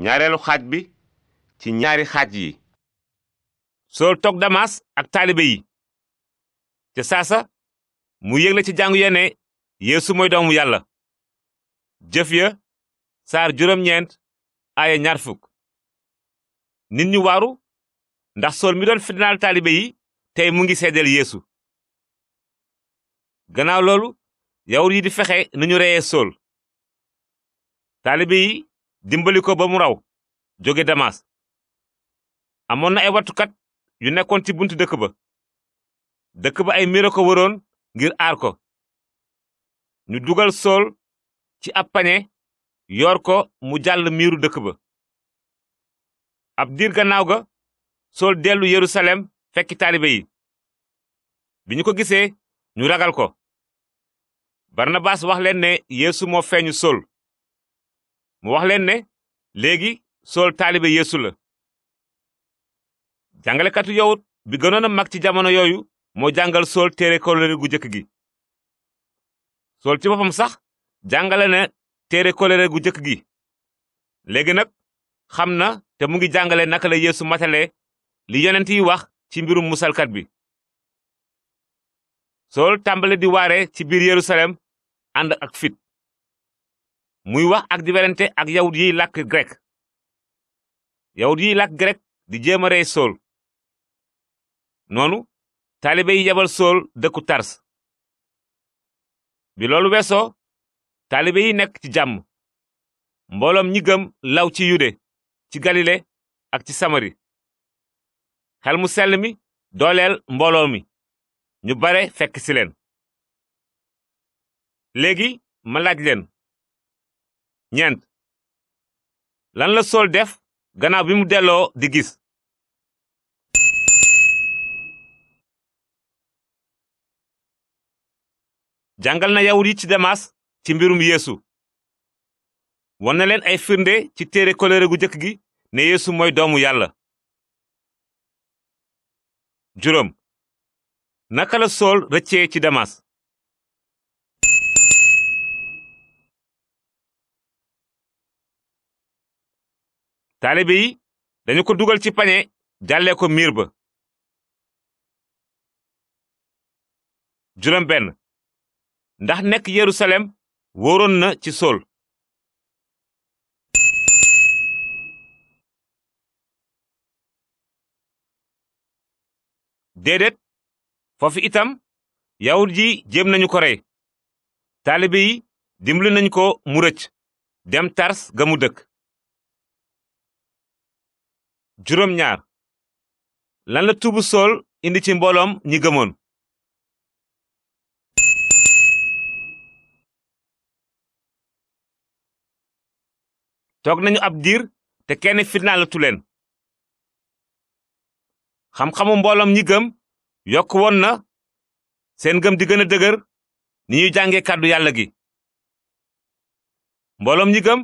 ñaareelu xaaj bi ci ñaari xaaj yi sool toog damas ak taalibe yi ca saasa mu yégle ci jàngu ya ne mooy doomu yàlla jëf ya saar juróom-ñeent aaye ñaar fukk nit ñu waaru ndax sol mi doon fitnaal taalibe yi tey mu ngi seedeel yéesu ganaaw loolu yawut yi di fexe nu ñu reyee sool taalibe yi dimbali ko ba mu raw jóge damas amoon na ay wattukat yu nekkoon ci bunt dëkk ba dëkk ba ay mira ko wëroon ngir aar ko ñu dugal sool ci ab pañe yor ko mu jàll miiru dëkk ba ab diir gannaaw ga sool dellu yerusalem fekki taalibe yi bi ñu ko gisee ñu ragal ko barnabaas wax leen ne yeesu moo feeñu sool mu wax leen ne léegi sol taalibe yéesu la jàngalekatu yawut bi gënoon a mag ci jamono yooyu moo jàngal sol téere kóllëre gu njëkk gi sol ci boppam sax jàngale na téere kóllëre gu njëkk gi léegi nag xam na te mu ngi jàngale naka la yeesu matale li yonent yi wax ci mbirum musalkat bi sool tàmbale di waare ci biir yerusalem ànd ak fit muy wax ak di werante ak yawut yiy làkk grek yawut yiy làkk grek di jéem a rey sool noonu taalibe yi yebal sool dëkku tars bi loolu weesoo taalibe yi nekk ci jàmm mbooloom ñi gëm law ci yude ci galile ak ci samari xel mu sell mi dooleel mbooloo mi ñu bare fekk si leen léegi ma leen ñeent lan la sol def ganaaw bi mu delloo di gis jàngal na yawut yi ci damas ci mbirum yéesu won na leen ay firnde ci téere kolere gu njëkk gi ne yéesu mooy doomu yàlla juróom naka la sol rëccee ci damas taalibe yi dañu ko dugal ci pañe jàllee ko miir ba juróom benn ndax nekk yerusalem wóoroon na ci sol déedéet foofu itam yawut yi jéem nañu ko rey taalibe yi dimbali nañu ko mu rëcc dem tars ga mu dëkk juróom ñaar lan la tuubu sool indi ci mbooloom ñi gëmoon. toog nañu ab diir te kenn firnaalatu leen. xam-xamu mbooloom ñi gëm yokk woon na seen gëm di gën a dëgër ni ñuy jàngee kàddu yàlla gi. mbooloom ñi gëm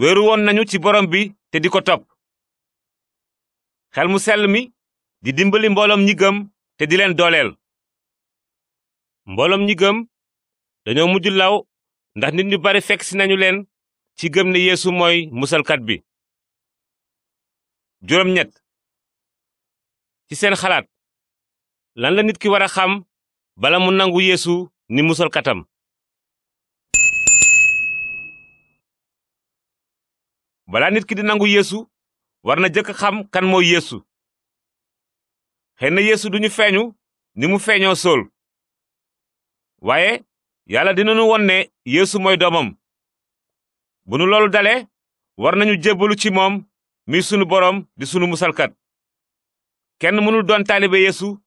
weeru woon nañu ci borom bi te di ko topp. xel mu sell mi di dimbali mbooloom ñi gëm te di leen dooleel mbooloom ñi gëm dañoo mujj law ndax nit ñu bari fekk si nañu leen ci gëm ne yeesu mooy musalkat bi juróom ñett ci seen xalaat lan la nit ki war a xam bala mu nangu yéesu ni musalkatam bala nit ki di nangu yéesu war na jëkk xam kan mooy yéesu xëy na yeesu duñu feeñu ni mu feeñoo sool waaye yàlla dinañu won ne yéesu mooy doomam bu nu loolu dale war nañu jébbalu ci moom mi sunu boroom di sunu musalkat kenn mënul doon taalibe yéesu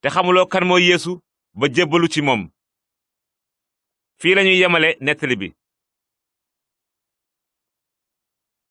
te xamuloo kan mooy yeesu ba jébbalu ci moom fii lañuy yemale nettali bi